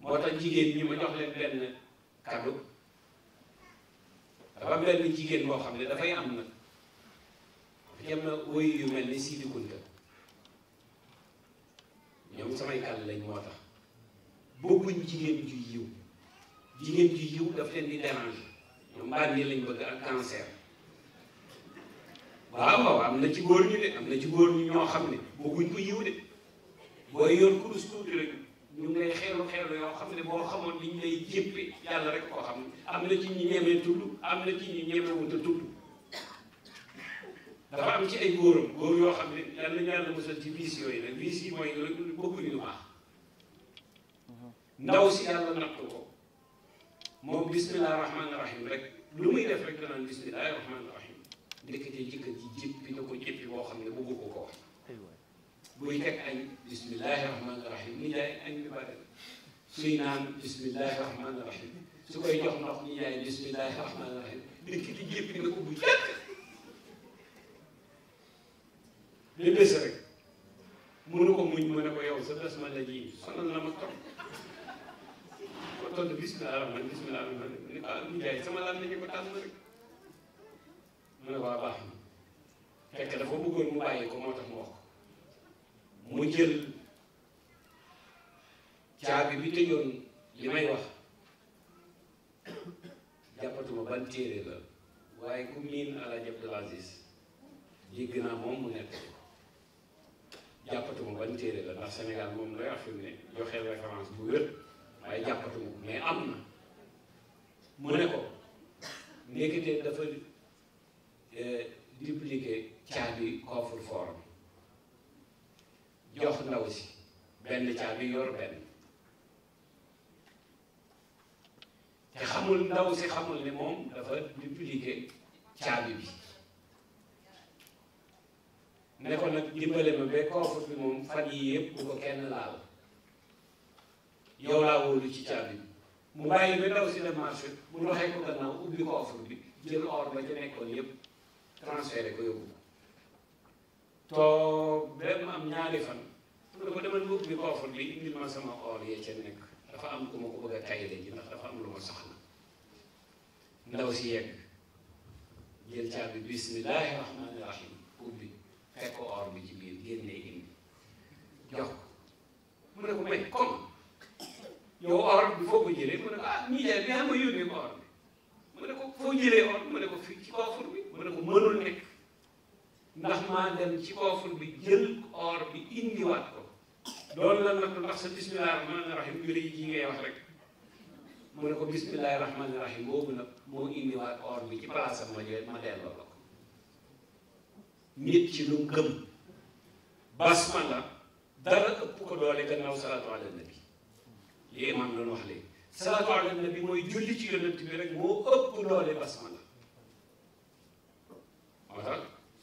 moo tax jigéen ñi ma jox leen benn kàddu dafa am benn jigéen moo xam ne dafay am nag jëm na wéy yu mel ni Sidi Kunta ñoom samay kàll lañ moo tax bëgguñ jigéen ju yiw jigéen ju yiw daf leen di déranger ñoom bànni lañ bëgg ak cancer waaw waaw am na ci ñu de am na ci góor ñu ñoo xam ne bëgguñ ko yiw de booy yor kurus tuuti rek ñu ngi lay xeelu yoo xam ne boo xamoon li ñu lay jëppe yàlla rek koo xam ne am na ci ñu ñemee tudd am na ci ñu ñemewut a tudd dafa am ci ay góoram góor yoo xam ne yàlla nañu yàlla musal ci biis yooyu nag biis yi mooy lu bëgguñu si yàlla nattu ko moom bismillah rahmaani rahim rek lu muy def rek danaan bismillah rahmaani rahim ndeketee jëkkër ji jëppi na ko jëppi boo xam ne bëggu ko ko buy teg añ bismillahi rahmaani rahim ni jaay añ bi bare suy naan bismillahi rahmaani rahim ni jaay bismillahi rahmaani rahim nit ki di ko bu jàkk ba bés ko muñ sa bés ma la ji sonal ma trop ko toll bismillahi rahmaani bismillahi rahmaani ni ah ni jaay sama ko mu ne ah, ko moo tax mu wax mu jël caabi bi tëjoon li may wax jàppatuma ban téere la waaye ku miin Alaaji Abdul Aziz naa moom mu nekk jàppatuma ban téere la ndax Sénégal moom lay affirmé joxe référence bu wér waaye jàppatuma mais am na mu ne ko ndekete dafa eh, dupliquer caabi coffre-fort jox ndaw si benn caabi yor benn te xamul ndaw si xamul ne moom dafa dupliquer caabi bi ne ko nag dimbale ma ba koofut bi moom fan yii yëpp ko kenn laal yow laa ci caabi bi mu bàyyi ba ndaw si dem marché mu doxee ko gannaaw ubbi koofut bi jël or ba ca nekkoon yëpp transféré ko yóbbu toog benn am ñaari fan mu ko demal mu ubbi koofar bi indi ma sama or yee nekk dafa am ku ma ko bëgg a tayle ji ndax dafa am lu ma soxla ndaw si yegg jël caabi bismillahi rahmaani rahim ubbi fekk or bi ci biir génne indi jox ko mu ne ko may comme or bi foo ko jëlee mu ko ah nijaay bi xam nga yónnee ko or bi ko foo jëlee or mu ko fii ci koofar bi mu ko mënul nekk ndax maa dem ci kooful bi jël or bi indiwaat ko doon la nag ndax sa bismillahi rahmaani rahim julli ji ngay wax rek mu ne ko bismillahi rahmaani rahim boobu nag moo indiwaat or bi ci palaasam ma jël ma delloo la ko ci lu mu gëm basmala dara ëpp ko doole gannaaw salaatu ala nabi li imam doon wax léegi salaatu ala nabi mooy julli ci yonent bi rek moo ëpp doole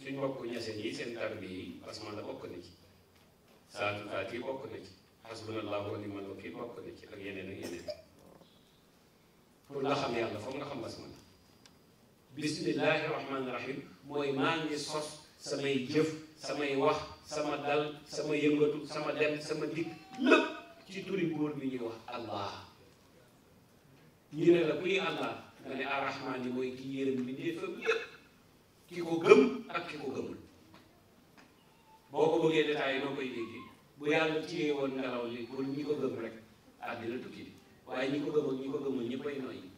suñ mbokku ñaseen yi seen tarbi yi parce que man la bokk na pour nga xam yàlla foog nga xam basmala bismillahi rahmaani rahim mooy maa ngi sos samay jëf samay wax sama dal sama yëngatu sama dem sama dikk lépp ci turi buur bi ñuy wax allah ñu ne la kuy allah nga ne arrahmaan yi mooy ki yërëm bi ndéefam yépp ki ko gëm ak ki ko gëmul boo ko bëggee détaillé noo koy dégg bu yàlla téye woon ngelaw li pour ñi ko gëm rek àddina tukki waaye ñi ko gëm ak ñi ko gëmul ñëppay noyyi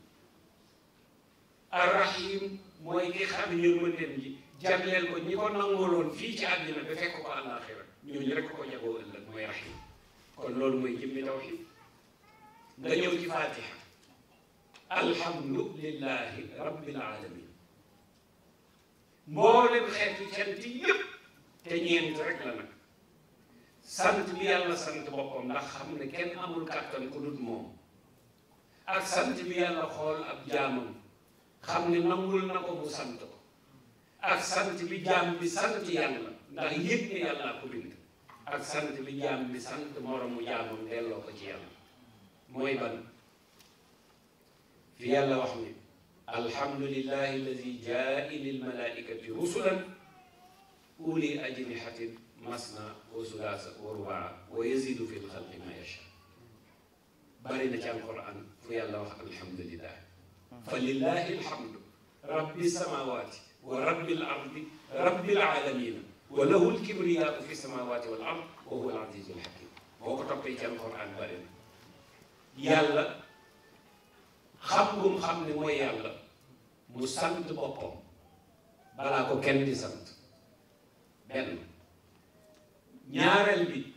arrahim mooy ki xam yërmandeem ji jagleel ko ñi ko nangooloon fii ci àddina ba fekk ko àllaaxira ñooñu rek ko jagoo mooy rahim kon loolu mooy jëmmi tawxiid nga ñëw ci fatiha alhamdu lillahi rabbil alamin mboolem xeetu cant yëpp te ñeent rek la nag sant bi yàlla sant boppam ndax xam ne kenn amul kàttan ku dut moom ak sant bi yàlla xool ab jaamam xam ne nangul na ko mu sant ko ak sant bi jaam bi sant yàlla ndax yépp ne yàlla ko bind ak sant bi jaam bi sant moromu jaamam delloo ko ci yàlla mooy ban fi yàlla wax ni alhamdulillahi alladi jaa lil malaikati rusulan uli ajnihatin masna wa sulaasa wa rubaa wa yazidu fi lxalqi ma yacha bari na ci alquran fu yàlla wax alhamdulillah fa lillahi alhamdu rabbi samawati wa rabbi lardi rabbi alalamina wa lahu lkibriyaau fi samawati wal ard wa huwa al azizu alhakim boo ko toppee ci alquran bari na yàlla xam ngum xam ne mooy yàlla mu sant boppam balaa ko kenn di sant benn ñaareel bi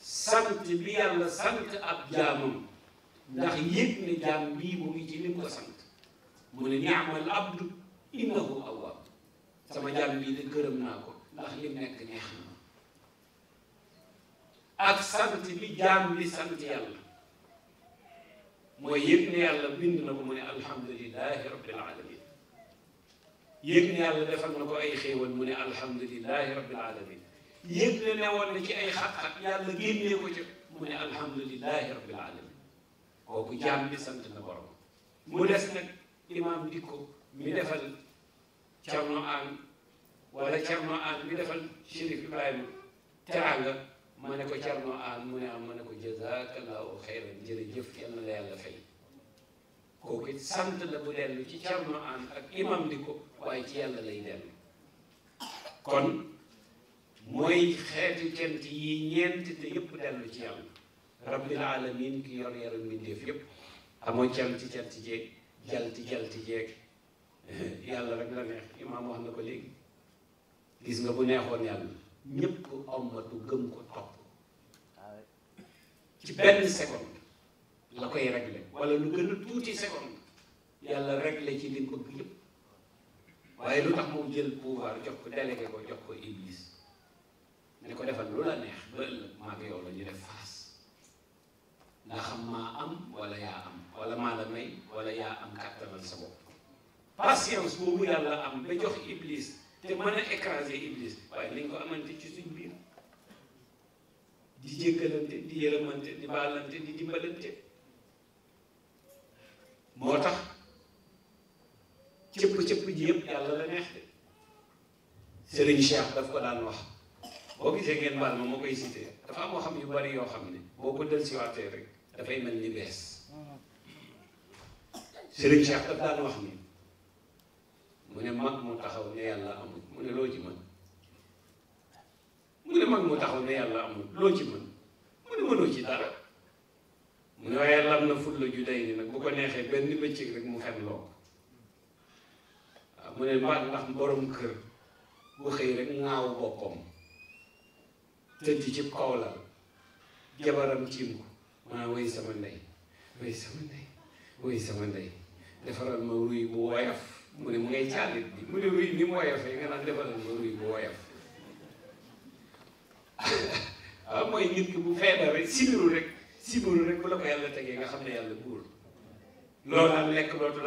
sant bi yàlla sant ab jaamam ndax yëg ne jaam bii mu ngi ci lim ko sant mu ne niamal abdu innahu awwaab sama jaam bii de gërëm naa ko ndax li nekk neex na ak sant bi jaam bi sant yàlla mooy yëg ne yàlla bind na ko mu ne alhamdulilahi rabbil alamin yëg ne yàlla na ko ay xéewal mu ne alhamdulilahi rabbil bi sant na borom mu des nag dikko mi defal Cerno Aan wala Cerno Aan mi defal Chérif Ibrahima teraanga ma ne ko Thierno Anne mu ne am ma ne ko jazakallahu xayran jërëjëf yal na la yàlla fay kooku it sant la bu dellu ci Thierno Anne ak imam di ko waaye ci yàlla lay dellu kon mooy xeetu cant yi ñeent te yëpp dellu ci yàlla rabbil alamin ki yor yaram yépp yëpp amoo ci canti jeeg jalti jalti jeeg yàlla rek la neex imaam wax na ko léegi gis nga bu neexoon yàlla ñépp ommatu gëm ko topp ci benn seconde la koy réglé wala lu gën tuuti seconde yàlla réglé ci li nga bëgg yëpp waaye lu tax moom jël pouvoir jox ko délégué ko jox ko iblis ne ko defal lu la neex ba ëllëg maa ngi la ñu def face ndax xam maa am wala yaa am wala maa la may wala yaa am kàttanal sa bopp patience boobu yàlla am ba jox iblis te mën a écraser iblis waaye nañ ko amante ci suñ biir di jéggalante di yërëmante di baalante di dimbalante moo tax cëpp-cëpp ji yëpp yàlla la neex de Serigne Cheikh daf ko daan wax boo gisee ngeen baal ma ma koy cité dafa am xam yu bari yoo xam ne boo ko del siwaatee rek dafay mel ni bees Serigne Cheikh daf daan wax ni mu ne mag mu taxaw ne yàlla amul mu ne loo ci man mu ne mag mu taxaw ne yàlla amul loo ci mën mu ne mënoo ci dara mu ne waaye lam na fut la ju day nag bu ko neexee benn bëccëg rek mu fen loo waaw mu ne mbaat ndax borom kër bu xëy rek ŋaaw boppam tëdd ci kaw la jabaram tiim ko maa woy sama ndey woy sama ndey woy sama ndey defaral ma ruy bu woyof mu ne mu ngay càllit bi mu ne mu woyofee nga naan defal ma ah, mooy nit ki bu feebar rek sibiru rek sibiru rek bu la ko yàlla nga xam ne yàlla buur loolu am lekk dootu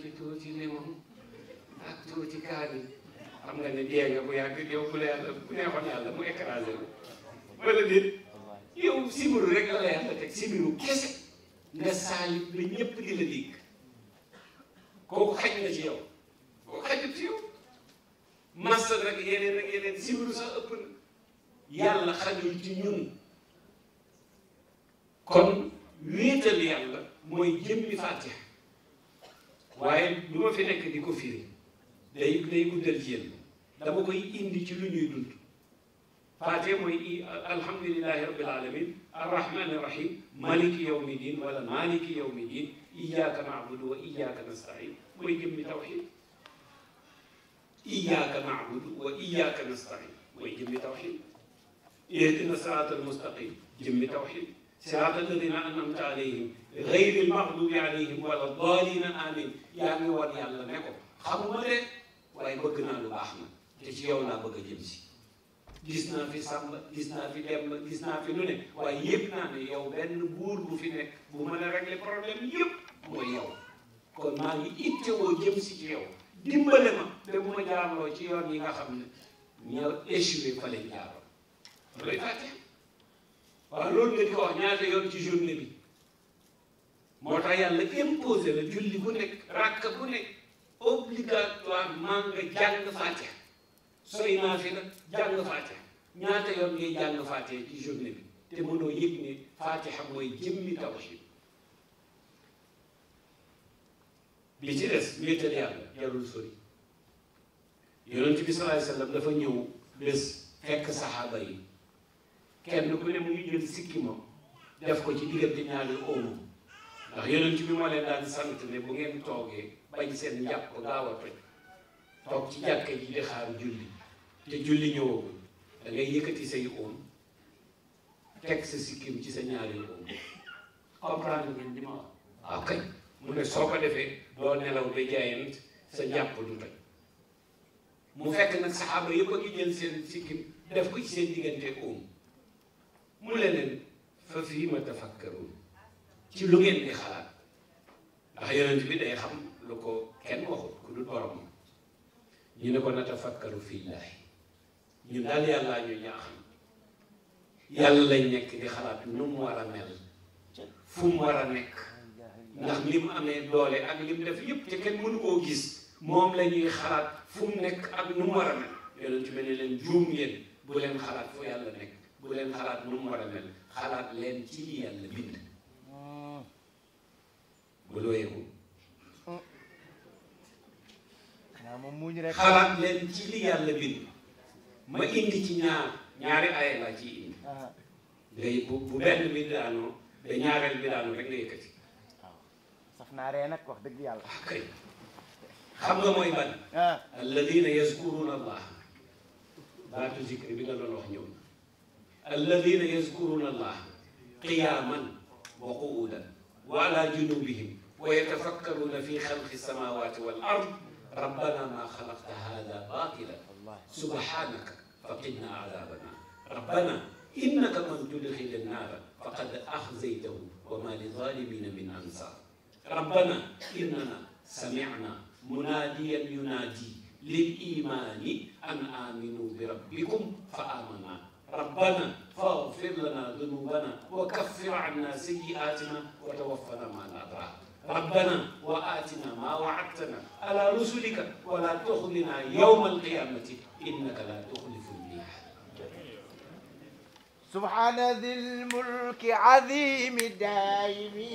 ci tuuti limon ak tuuti kaani xam nga ne dee teg sibiru kese nga saalit ba ñëpp di la dégg kooku xaj na ci yow kooku xajul ci yow master rek yeneen ak yeneen sibiru na ci ñun kon wéetal yàlla mooy jëmmi fatiha waaye du ma fi nekk di ko firi day day guddal ci yéen dama koy indi ci lu ñuy dund fatiha mooy i alhamdulilahi alamin arrahmani rahim maliki yawmi din iyyaka na'budu wa iyyaka nasta'in mooy jëmmi tawxid iyyaka na'budu wa iyyaka nasta'in mooy jëmmi tawxid ihdina siraatal mustaqim jëmmi tawxid siraatal ladina an'amta alayhim ghayril maghdubi alayhim wala daalliin amiin yaa ngi war yàlla ne ko xamuma de waaye bëgg naa lu baax na te ci yow laa bëgg a jëm si gis naa fi sàmba gis naa fi demba gis fi lu ne waaye yëpp naa ne yow benn buur bu fi nekk bu mën a régler problème yëpp mooy yow kon maa ngi ittewoo jëm si ci yow dimbale ma te bu ma jaarloo ci yoon yi nga xam ne ñoo échoué fa lañ jaaroon looy fàtte waaw loolu nga di ko moo tax yàlla imposé la julli bu nekk rakk bu nekk obligatoirement nga jàng fàtte sooy naafila jàng faatiha ñaata yoon ngay jàng faatiha ci journée bi te mënoo yëg ne faatiha mooy jëmmi tawxiid bi ci des wéetal yàlla jarul sori yonent bi sallallahu alayhi wasallam dafa ñëw bés fekk saxaaba yi kenn ku ne mu ngi jël ko ci diggante ñaari oomo ndax yonent bi moo leen daan sant ne bu ngeen toogee bañ seen njàpp gaaw a toog ci jàkka ji di xaar julli te julli ñëwagul da ngay yëkkati say oom teg sa sikkim ci sa ñaari oom comprendre ngeen li ma wax ah, kay mu ne soo ko defee doo nelaw ba jaayant sa jàpp du toj mu fekk nag saxaaba yëpp a ngi jël seen sikkim def ko ci seen diggante oom mu ne fa fii ma tafakkaroon ci lu ngeen di xalaat ndax yonent bi day xam lu ko kenn waxut ku dul borom ñu ne ko natafakkaru fillaahi ñun daal yàllaa ñu ñaax yàlla lañ nekk di xalaat nu war a mel fu mu war a nekk ndax li mu amee doole ak li def yëpp te kenn mënu koo gis moom la ñuy xalaat fu mu nekk ak nu mu war a mel ci mel ne leen juum ngeen bu leen xalaat fu yàlla nekk bu leen xalaat nu mu war a mel xalaat leen ci li yàlla bind ñi rek xalaat leen ci li yàlla bind ma indi ci ñaar ñaari aaya laa ciy indi ah. day bu bu benn bi daanoo da ñaareel bi daanoo rek nga yëkkati waaw saf naa ree nag wax dëgg yàlla ah, kay xam nga mooy ban ah. alladina yazkuruna allah baatu zikri bi nga doon wax ñëw alladina yazkuruna allah qiyaman wa qu'udan wa ala junubihim wa yatafakkaruna fi xalqi samawati wal ard rabbana maa xalaqta haadaa baatilan subhaanaka faqinaa adaaban rabbana innaka man tudxili nnaara faqad axzaytahu wa maa lizaalimiina min ansaar rabbana innanaa samicnaa munaadiyan yunaadii lil-iimaani an aaminuu bi rabbikum fa aamanaa rabbana faxfir lanaa dunuubanaa wa kaffir cannaa sayyi'aatinaa wa tawaffanaa ma'a l-abraar rabbana wa aatina maa waadtana ala rusulika wala tuxzina yawma alqiyamati innaka la tuxlifu lmii'aad subhaana dil mulki azimi daayimi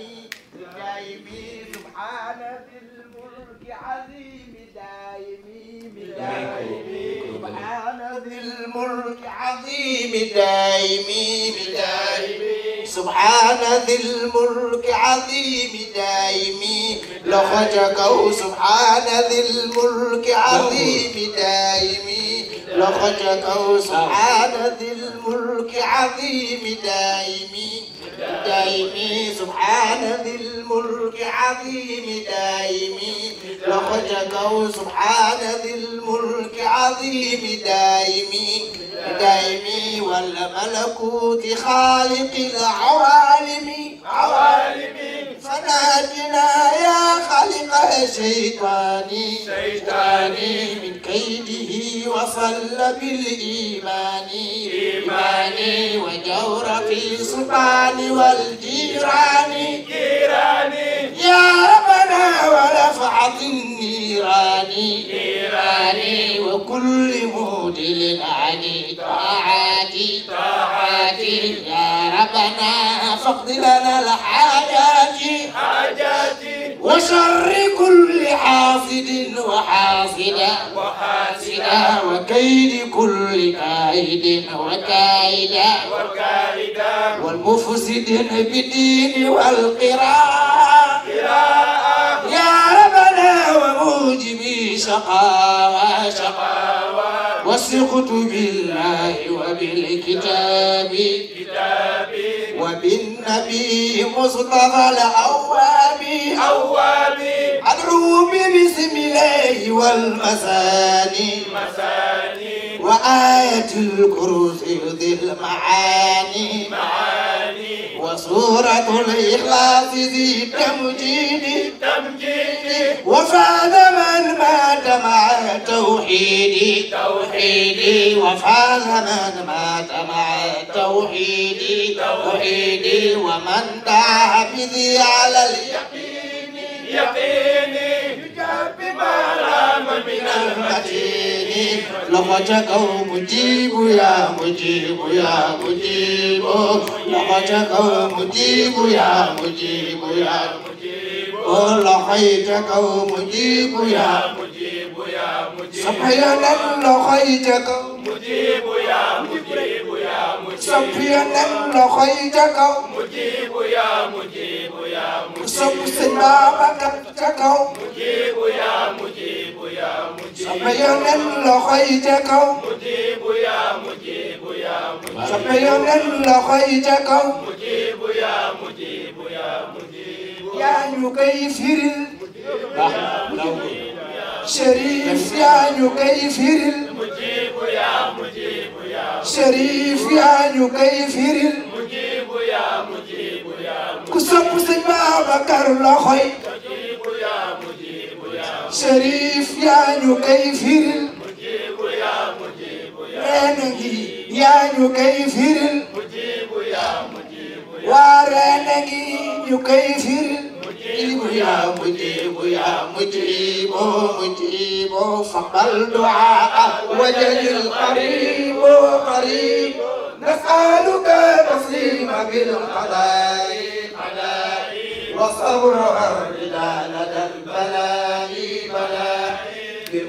daayimi subhaana dil mulki azimi daayimi daayimi subhaana dil mulki azimi daayimi daayimi سبحان ذي الملك عظيم دائمي لخج كو سبحان ذي الملك عظيم دائمي لخج كو سبحان ذي الملك عظيم دائمي دايمي سبحان ذي الملك عظيم دايمي لخجك سبحان ذي الملك عظيم دايمي دايمي ولا ملكوت خالق العوالم عوالمي منهجنا يا خالق شيطاني شيطاني من كيده وصل بالإيمان إيماني وجور في سلطان والجيران جيراني يا ربنا ورفع النيران نيراني وكل مودل عن طاعاتي طاعاتي يا ربنا فاقض لنا الحاجات حاجاتي وشر كل حاسد وحاسدا وحاسدا وكيد كل كائد وكائدا وكائدا والمفسد بالدين والقراءة يا ربنا وموجبي شقاوى شقاوى وثقت بالله وبالكتاب وبالنبي مصطفى الأواب أواب أدعو باسم الله والمساني مساني وآية الكرسي ذي المعاني معاني وسورة الإخلاص ذي تمجيد وفاد من مات مع توحيدي توحيدي وفاد من مات مع توحيدي توحيدي ومن دعا بذي على اليقين يقيني بجاب ما رام من المتين لقد مجيب يا مجيب يا مجيب لقد مجيب يا مجيب يا مجيب لقيتك مجيب يا مجيب يا مجيب سبحان الله لقيتك مجيب يا مجيب soppiyo nen loxo yi ca kaw mujibu ya mujibu ya mujibu sopp sëñ Babacar ca kaw mujibu ya mujibu ya mujibu soppiyo nen loxo yi ca kaw mujibu ya mujibu ya mujibu soppiyo nen loxo yi ca kaw mujibu ya mujibu ya mujibu yaa ñu koy firil Chérif yaa ñu koy firil mujibu ya mujibu sharif yaa ñu koy firil mujibu yaa mujibu yaa ku sopp sëñ Babacar loxoy mujibu yaa mujibu yaa sharif yaa ñu yaa ñu koy firil mujibu yaa mujibu yaa waa reena ngi ñu koy firil يا مجيب يا مجيب مجيب فقبل دعاء وجل القريب قريب نسألك تسليمك بالقضاء وصبر الرضا لدى البلاء بلاء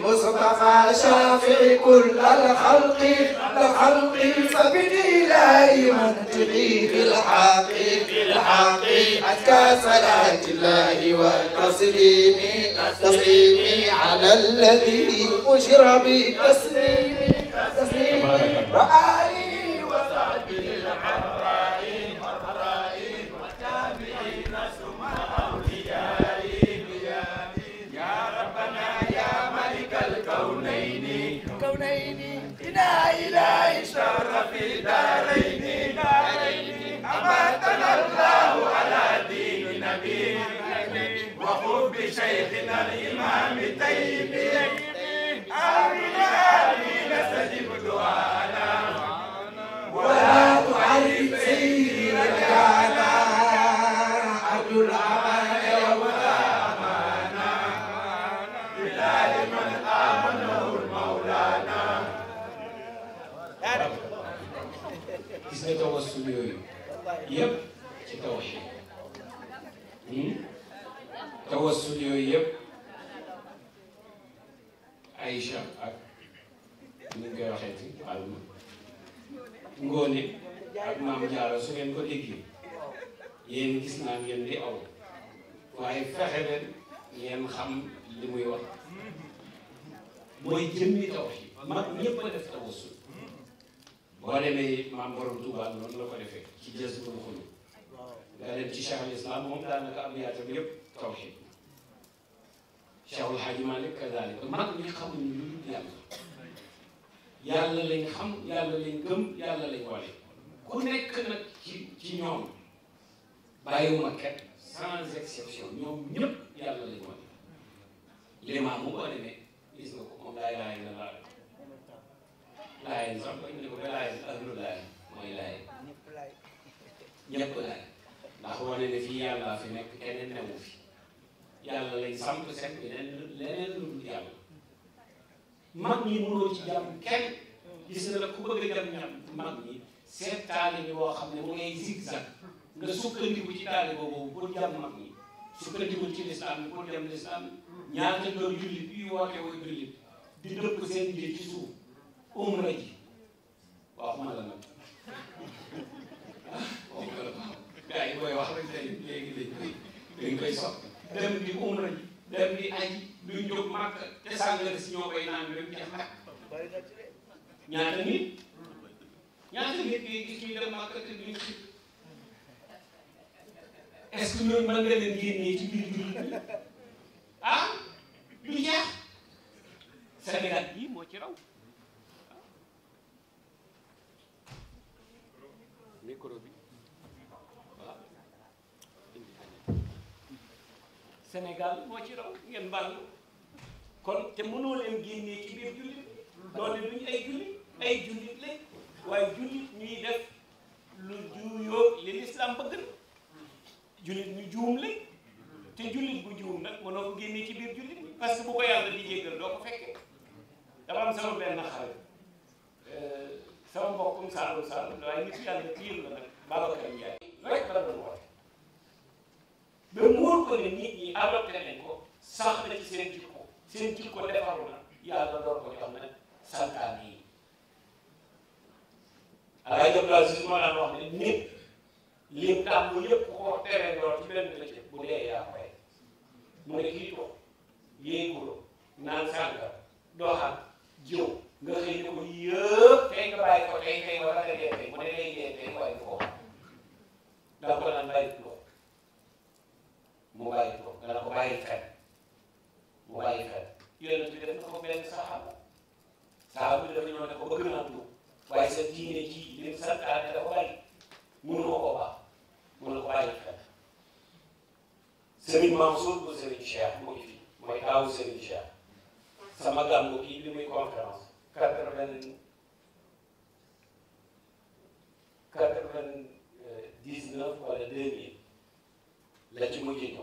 المصطفى شافع كل الخلق الخلق فبالإله منطقي في الحق في الحق أتكى صلاة الله وتسليمي تسليمي على الذي أشرب تسليمي تسليمي رآني wane ne fii fi nekk keneen newu fi yàlla lañ samp set leneen leneen lu yàlla mag ñi mënoo ci jàmm kenn gis na la ku bëgg a jàmm mag ñi seet taalibe boo xam ne mu ngay zigzag nga sukkandiku ci taalibe boobu pour jàmm mag ñi sukkandiku ci lislaam bi pour jàmm lislaam bi ñaata doon jullit yu woote woo jullit di dëpp seen ji ci suuf umra ji waxuma la nag gars yi booy wax rek léegi léegi dañ koy soppi dem di umra ji dem di aji duñ jóg màkk te sàngara si ñoo koy naan dem jeex nag ñaata nit ñaata nit ngay gis ñuy dem màkk te duñ ci est-ce que ñoom mën nga leen génnee ci biir jullit bi ah du jeex Sénégal bii moo ci raw Sénégal moo ci raw ngeen baal kon te mënoo leen génnee ci biir jullit doone duñu ay jullit ay jullit lañ waaye jullit ñuy def lu juuyoo li lislaam bëgg na jullit ñu juum lañ te jullit bu juum nag mënoo ko génnee ci biir jullit parce que bu ko yàlla di jéggal doo ko fekkee dama am sama benn xarit euh, sama mbokkum saalum saalum waaye nit yàlla piir la nag Babacar Ndiaye rek la doon ba mu wóor ko ne nit ñi adopté nañ ko sax na ci seen jikko seen jikko defaru na yàlla door ko jox nag santaan yi alaay jëm daal si moo naan ne nit lim tàmm mu yëpp ko tere lool ci benn la ci bu dee yaa koy mu ne kii toog yéeguloo naan sànga doxal jiw nga xëy ne ko yëpp nga bàyyi ko tey nga dee tey mu ne léegi ko wax da ko naan bàyyi mu bàyyi ko nga la ko bàyyi xel mu bàyyi xel yonent bi def na ko benn saxaaba saxaaba bi dafa ñëw ne ko bëgg naa tuub waaye sa diine ji li mu santaane dafa bari mënuma ko baax mun na ko bàyyi xel Serigne Mansour bu Serigne Cheikh mu ngi fi mooy taawu Serigne Cheikh sama gàmmu kii bi muy conférence quatre vingt quatre vingt dix neuf wala deux la ci mujj ñëw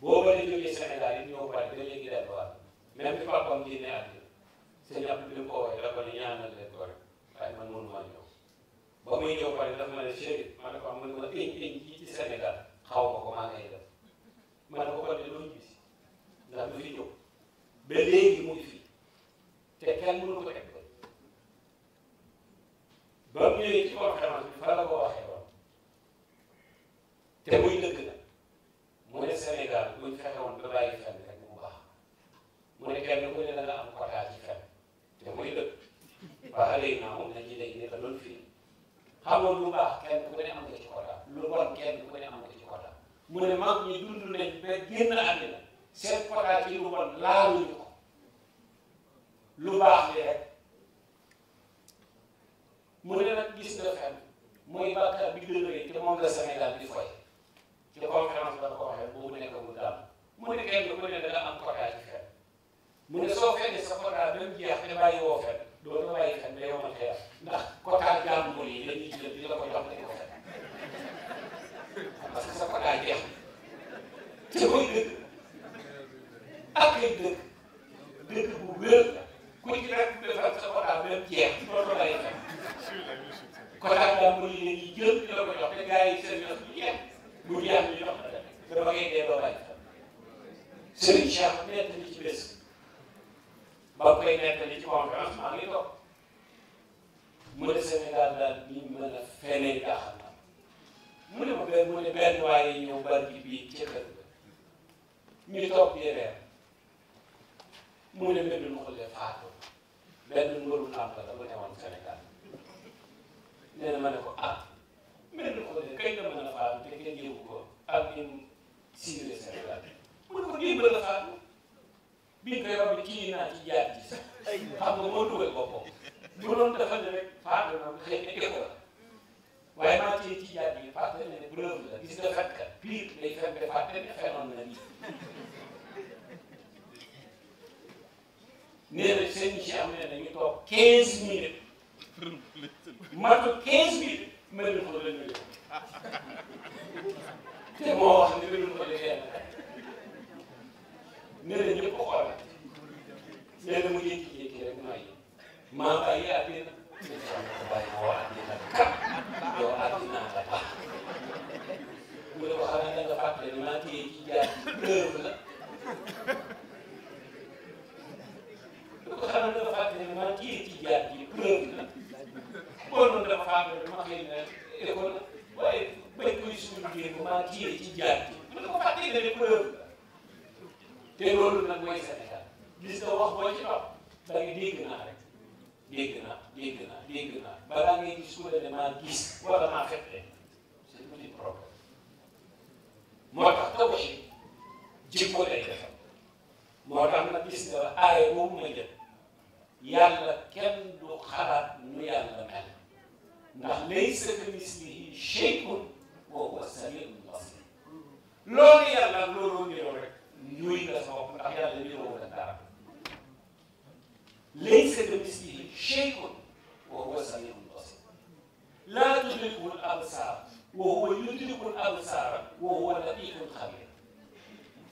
boo mënee jógee Sénégal yi ñëw pare ba léegi delluwaat même bi papam génne àddina sëñ Abdou bi mu ko ne ñaanal leen ko rek waaye man mënu maa ñëw ba muy ñëw pare dafa ma ne chéri ma ne ko am ma ne ci ci Sénégal xaw ma ko maa ngay def ma ne ko kon de loolu gis ndax du fi ñëw ba léegi mu ngi fi te kenn mënu ba nga koy nettali ci conférence ah, maa ngi toog mu ne Sénégal daal ñu mën a feneen jaaxal na mu ne ma benn mu ne benn waaye ñëw barki bii ci kër ga ñu toog di reer mu ne mbir mu xullee faatu benn mbëru làmb la bu newoon Sénégal nee na ma ne ko ah mbir mu xullee kay la mën a faatu te kenn yëgu ko ak ñun siiwee Sénégal mu ne ko lii mën a faatu. bi ñu koy wax kii naa ci jaar ci sax xam nga moo dugal bu doon defal rek faatu na xëy na def la waaye maa ci ci jaar bi fàtte ne preuve la gis nga fenkat pire day fen de fàtte ne fenoon na nii nee na seen si am ne dañu toog 15 minutes matu 15 minutes mel ni ko la ñu te moo wax ne mel ni ko la nee na ñëpp ko xool nee na mu jékki-jékki rek nooy maa bàyyi àddina bàyyi ma waa àddina kat yow àddina la baax mu ne ko xanaa da nga fàtte ne maa téye ci jaar preuve la lu ko xanaa da nga fàtte ne maa téye ci jaar ji preuve la boo noonu dama xam ne dama xëy na école waaye bañ koy suul jéego maa téye ci jaar ji mu ne ko fàtte ne preuve la te loolu nag mooy Sénégal gis nga wax boo ci topp da ngay dégg naa rek dégg naa dégg naa dégg naa balaa ne maa gis wala maa xeble c'est un petit problème moo tax taw yi jikko lay defal moo tax nag gis nga aaya ma jël yàlla kenn du xalaat nu yàlla mel ndax laysa kamislihi shay'un wa huwa samiul basir loolu yàlla looloo niroo rek. ñooy nga sa bopp ndax yàlla niroo la dara laysa kamithlihi shay'un wa huwa as-sami'ul basir laa tudrikuhu al-absaar wa huwa yudriku al-absaara wa huwa al-latiiful xabiir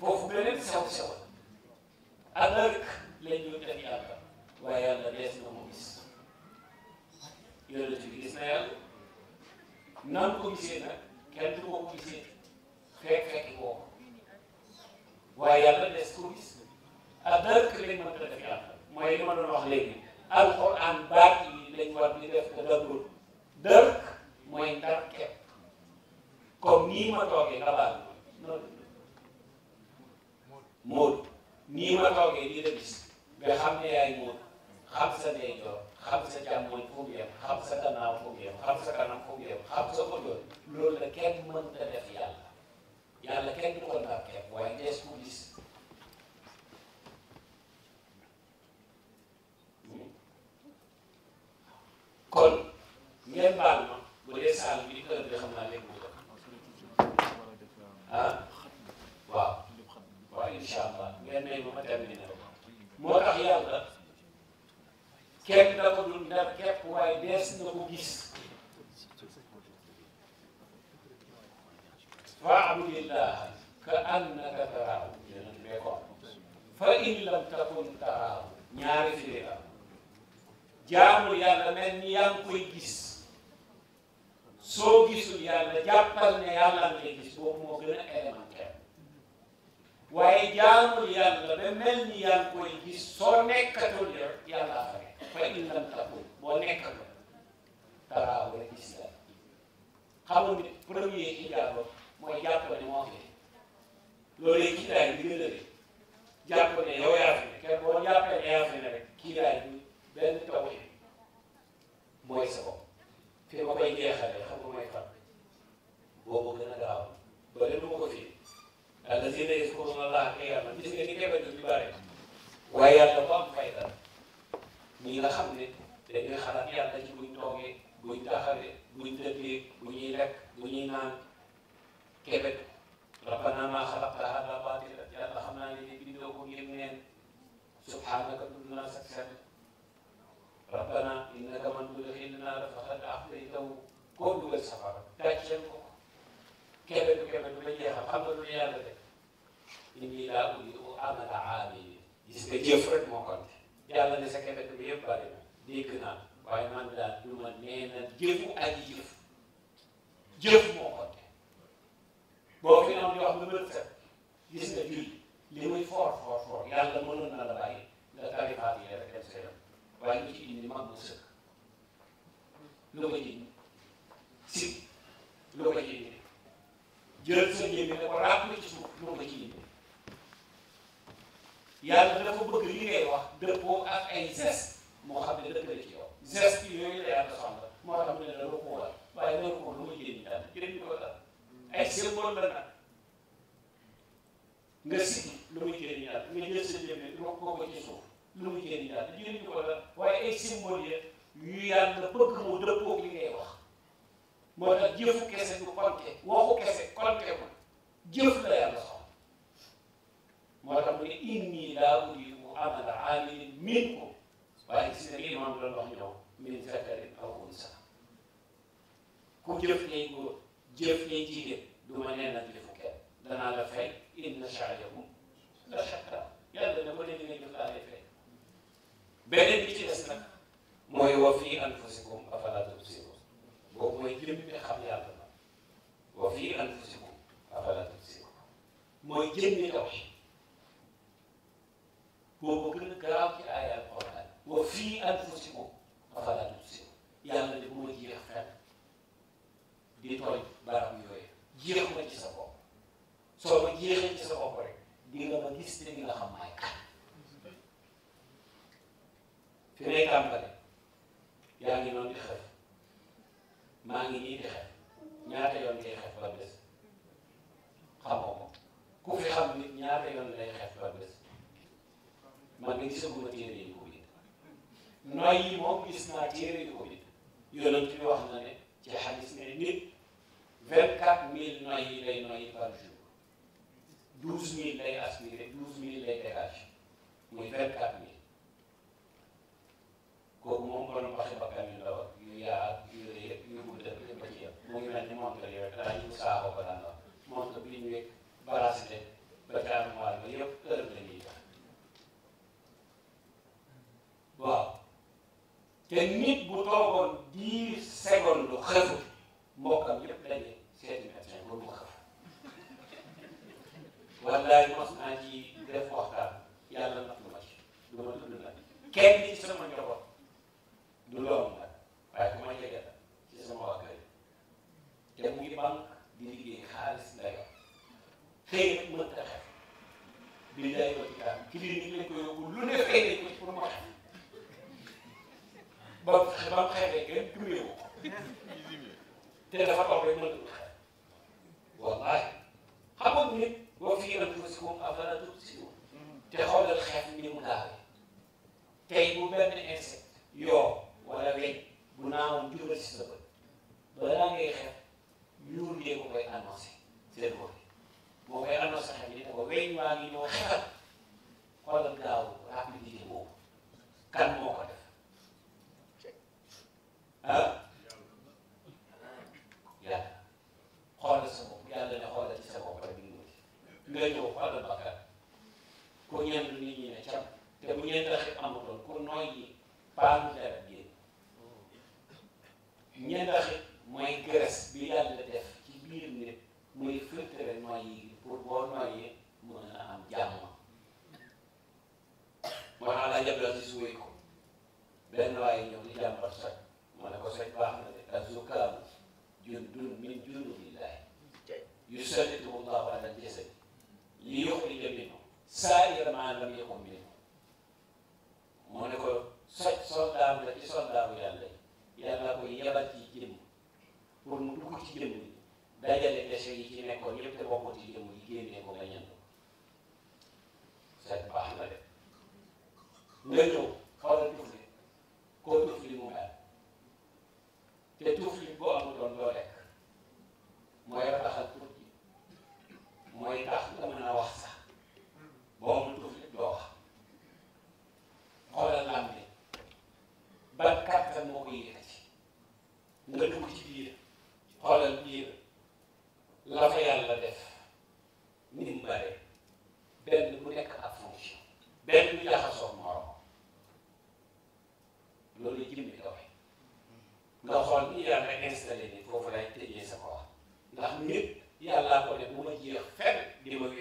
foofu beneen sew sew la ana rek lañ ñu def yàlla waaye yàlla dees na mu gis yonent bi gis na yàlla nan ko gisee nag kenn du ko gisee fekk fekk kooku waaye yàlla des ko gis ak dara kër lañ mën mooy li ma doon wax léegi alxuraan baat yi lañ war di def te dëggul dërk mooy ndar kepp comme nii ma toogee nga baal móod ma toogee lii la gis nga xam ne yaay móod xam sa ndeyjoor xam sa càmmoñ fu mu yem xam sa gannaaw fu mu yem xam sa kanam fu mu yem xam sa la kenn mën a am fayda ñi nga xam ne dañuy xalaat yàlla ci buñ toogee buñ taxawee buñ dëggee bu ñuy lekk bu ñuy naan kebet rabbana maa xalaqta haadaa baatila yàlla xam naa ne bindoo ko ngir neen subhaanaka dunaa sak set rabbana innaka man tudxil naara faqad axtaytahu koo dugal safara gàcceel ko kebetu kebetu ba jeexal xam nga lu yàlla def inni laa uliu amala aamil gis nga jëf rek moo ko andi yàlla ne sa kebet bi yëpp bari na dégg naa waaye man daal lu ma nee na jëfu aji jëf jëf moo ko andi boo fi naan wax nga mën set gis nga julli li muy foor foor foor yàlla mënoon na la bàyyi nga kalifaat yi rek dem sa yoon waaye lu ci indi mag mu sëkk lu ko indi si lu ko indi jël sa njëmi ne ko ràpp ci suuf lu ko indi yàlla dafa bëgg li ngay wax dëppoo ak ay geste moo xam ne dëkk la ci yow geste yooyu la yàlla soxla moo tax mu ne la ko war waaye loolu ko lu ma jëriñ daal jëriñ ko la ay symbole la nag nga sikki lu muy jëriñ daal nga jël sa jëmee ro ko ko ci suuf lu muy jëriñ daal jëriñ ko la waaye ay symbole ya yu yàlla bëgg mu dëppoo li ngay wax moo tax jëfu kese du konte waxu kese konte ma jëf la aamilin miin ko waaye gis na li imaam doon wax ñoom min zakarin aw unsa ku jëf ñay góor jëf ñay jigéen du ma nee nag jëfu kenn danaa la fay inna sha'yakum la shatta yàlla na ko ne li nga jëf laa lay fay beneen bi ci des mooy wa fii anfusikum afalaa tubsirun boobu mooy jëmmi bi xam boobu gën a garaaw ci ay alxuraan wa fii anfusikum afalaa tubsiruun yàlla de bu ma jeex fenn di tooñ barab yooyu jeexuma ci sa bopp soo ma jeexee ci sa bopp rek di ma gis te di nga xam maay kan fi may tàmbale yaa ngi noonu di xef maa ngi nii di xef ñaata yoon ngay xef ba bés xamoo ko ku fi xam nit ñaata yoon lay xef ba bés ma de gisaguma téere yi ko bind noy gis naa téere yi ko bind yonent bi wax na ne ci xadis ne nit vingt quatre mille noy lay noy par jour douze mille lay aspiré douze mille lay dégage muy vingt quatre mille kooku moom borom waxe bakkan yu ndaw ak yu yaa yu rëy ba ku noyyi paanu dara génn ñendaxit mooy gëres bi yàlla def ci biir nit muy filtre noyyi gi pour boo noyyi mën a moo tax la jabla si suwéy ko benn waaye ñëw di jàmbat soj ma ne ko soj baax na de azukaam jundun min junubillahi yusallitu llahu ala jasadi li yuxrija minhu saa'ira maa lam yakun min moo ne ko so soldaaru la ci soldaaru yàlla yi yàlla ko yebal ci jëmm pour mu dugg ci jëmm yi dajale dese yi ci nekkoon yëpp te bokkul ci jëmm yi génnee ko nga ñandu set baax na de nga ñëw xoolal tuuf li koo tuuf li te tuuf boo amutoon doo lekk mooy taxal tuuf ji mooy tax nga mën a wax sax boo amul tuuf li xoolal làmb li ban kàttan moo ko yëkkati nga dugg ci biir xoolal biir la fa yàlla def ni mu bare benn bu nekk ak fonction benn bu jaxasoo morom loolu jimbi doxe nga xool ni yàlla installé ni foofu lay tëjee sa ko wax ndax nit yàllaa ko def mu ma jeex fenn di ma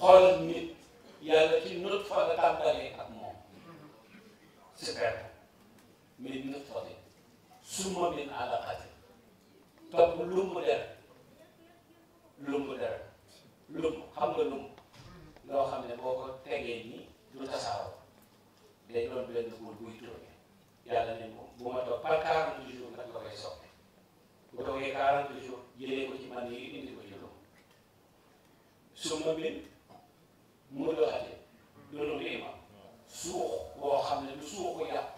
xoolal nit yàlla ci nut fa la tàmbalee ak moom si perte mais nut fa de suma min alaqati topp lumb der lumb der lumb xam nga lumb loo xam ne boo ko tegee nii du tasaaroo day doon benn góor buy tourné yàlla ne moom bu ma toog par quarante jours nag la koy soppi bu toogee quarante jours jëlee ko ci man yi indi ko ci lumb suma min mu doxate doonu léema suux boo xam ne du suuxu yàpp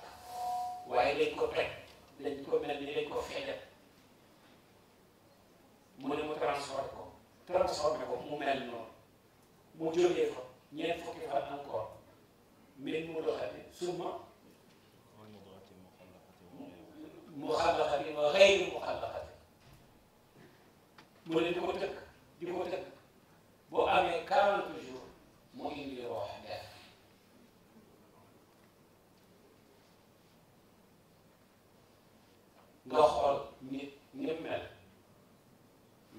waaye dañ ko toj dañ ko mel ni dañ ko mu ne mu transformé ko transformé ko mu mel noonu mu jógee fa ñeent fukki fan encore min mu doxate suma muxallaxatin wa xayri muxallaxatin mu ne di ko tëkk di ko tëkk boo amee quarante jours moo indi roox def nga xool nit ni mel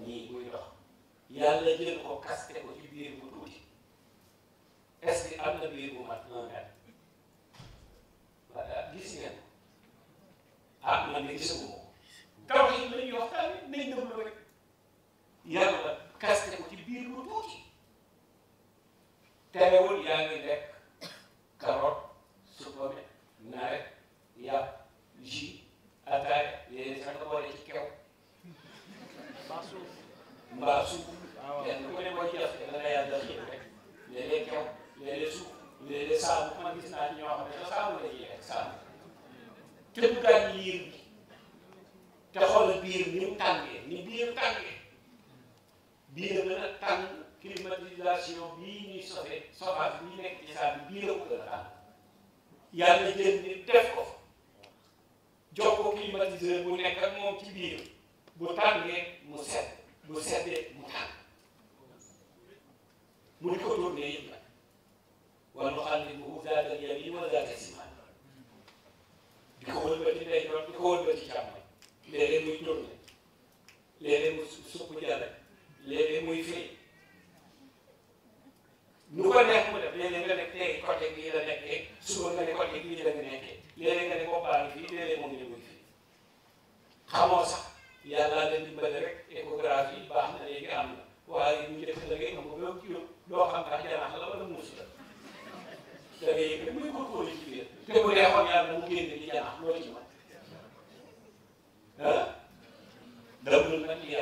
ñii buy dox yàlla jël ko kaste ko ci biir bu tuuti est-ce que am na biir bu mat un mètre wala gis ngeen ah man de gisagu ma ko taw yi la ñuy wax tamit nañ déglu rek yàlla waxoon yàlla dama ci janax loo ci man ah dawlul nag li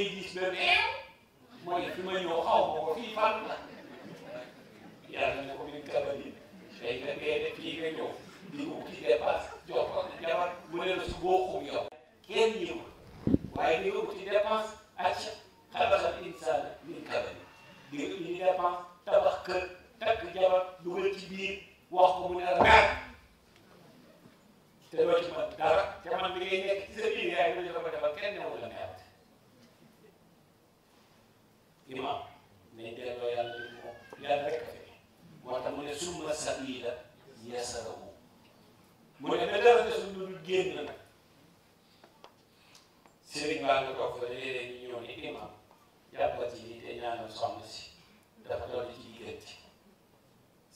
ngay gis ba réew mooy fi ma ñëw xaw ma ko fii na min kabalin day di ko kii dépasse jox ko jabar mu ne la su boo xum yow kenn yëngu waaye di ci dépense acc xalaxal insaan min kabalin di nga indi dépense tabax kër ci biir wax mu ne ragal te doo ci dara te man bi ngay nekk defal kenn imaam nañ delloo yàlla li mu yàlla rek a fexe moo tax mu ne summa sabila yasarahu mu ne na dara desul lu dul génn nag sëriñ baa nga toog fa léeg-léeg ñu ñëw ne imaam jàppal ci lii te ñaanal soxna si dafa doon ci diggante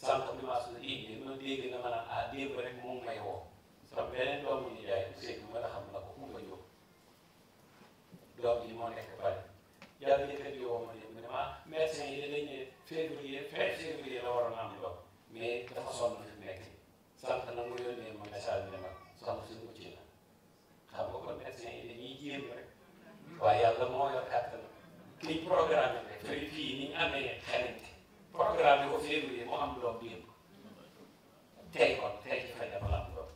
sànq bi maa suñu ma dégg na ma naan ah démb rek mu ngi may woo sama beneen doomu nijaay Ousseynou ma la xam na ko mu nga jóg doom ji moo nekk bari yàlla yëkkati yow ma ne mu ne ma médecin yi dañ ne février fin février la waroon am doom mais dafa sonn fi mu nekk na mu yónnee ma message ne ma soxna si mucc na xam nga kon médecin yi dañuy jéem rek waaye programme rek fii fii ni ñu amee xelante programme ko février mu am doom démb tey kon tey ci fay dafa la am doom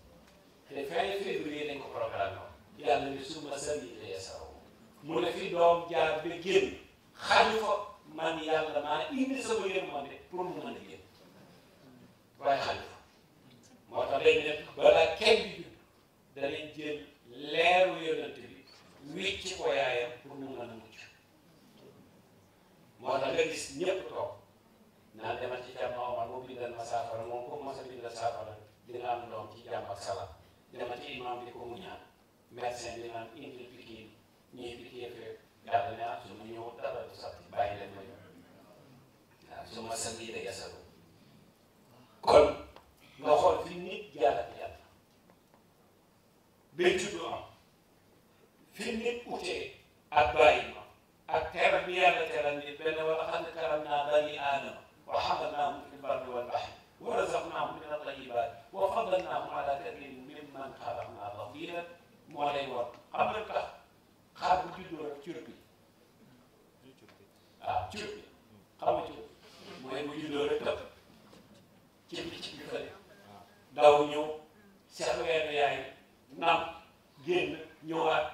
te fin février dañ ko programme woon yàlla ne suma sali mu ne fi doom jaar ba génn xaju fa man yàlla maa indi sama yërmande pour mu mën a génn waaye xaju fa moo tax day ne balaa kenn bi jub danañ jël leeru yonent bi wicc ko yaayam pour mu mën a mucc moo tax nga gis ñépp toog naan demal ci jàmm Omar mu bindal ma saafara moom ko mos a bindal saafara dina am doom ci jàmm ak salaam demal ci imam bi ko mu ñaan médecin bi naan indil ñii ah, di kii yëpp rek daal ne ah su ma ñëw dara du sax bàyyi leen ma ñëw waaw su ma sang yi de yasalu kon nga xool fi nit jàll ak yàlla béytu du am fi nit utee ak bàyyi ma ak teral bi yàlla teral nit benn wala xam ne karam naa bani aadama wa hamalnaahum fil barri wal bahri wa razaqnaahum min at-tayyibaat wa faddalnaahum ala kathirin mimman xalaqnaa tafdiilaa moo lay war xam nga tax xar bu juddoo rek cur bi waaw ah, cur bi xam nga cur mooy bu juddoo rek dëpp ci bi ci bi fële daw ñëw seex wenn yaay nam génn ñëwaat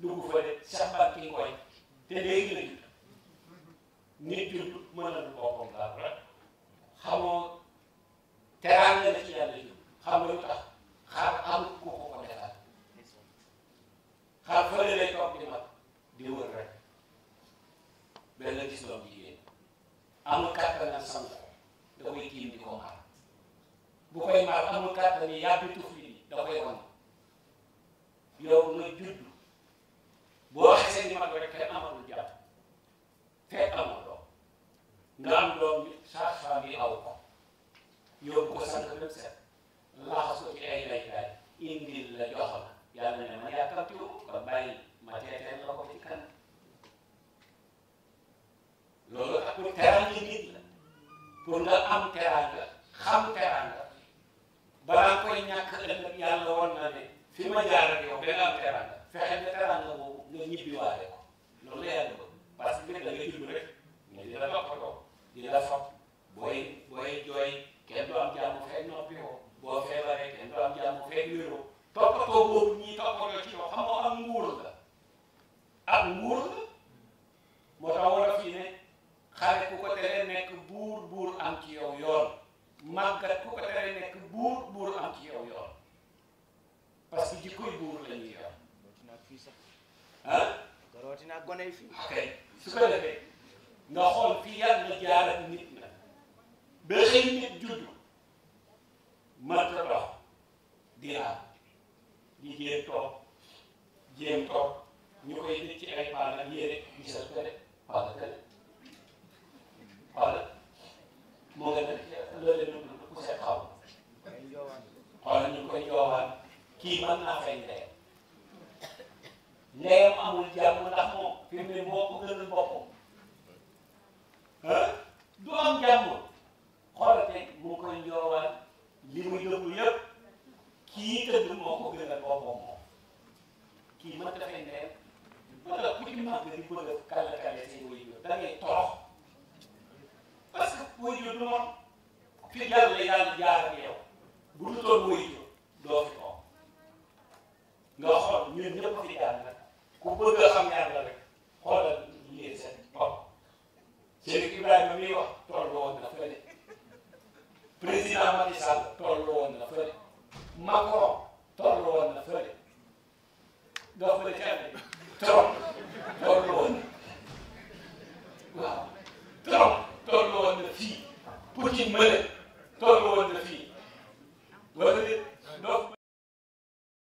dugg fële ba ki koy te léegi la nit judd mën na boppam dara xamoo kay su ko defee nga xool fi yàlla jaar ak nit na ba xëy nit judd mënta dox di raam di jéem toog jéem toog ñu koy def ci ay paal ak yére gisal ko de paal ko de paal moo nga def loolu la ku set xaw xoolal ñu koy joowaan kii mën naa fay ndey ndeyam amul jàmm ndax moom fi mu ne moo ko gënal mu koy njoowaan li muy dëgg yëpp kii tëdd moo ko gënal boppam moom kii mën dafe ndeyam wala ku ci màgg di bëgg a kàlla kàlla seen wajur da ngay torox parce que wajur du moom fi yàlla yàlla jaar ak yow bu dutoon wajur doo fi moom nga xool ñun ñëpp ku bëgg a xam yàlla rek xoolal lii seen bopp Cheikh Ibrahima miy wax tollu woon na fële président Macky Sall tollu woon na fële Macron tollu woon na fële doo fële kenn Trump tollu woon na waaw fii Poutine mële tollu woon na fii wala déet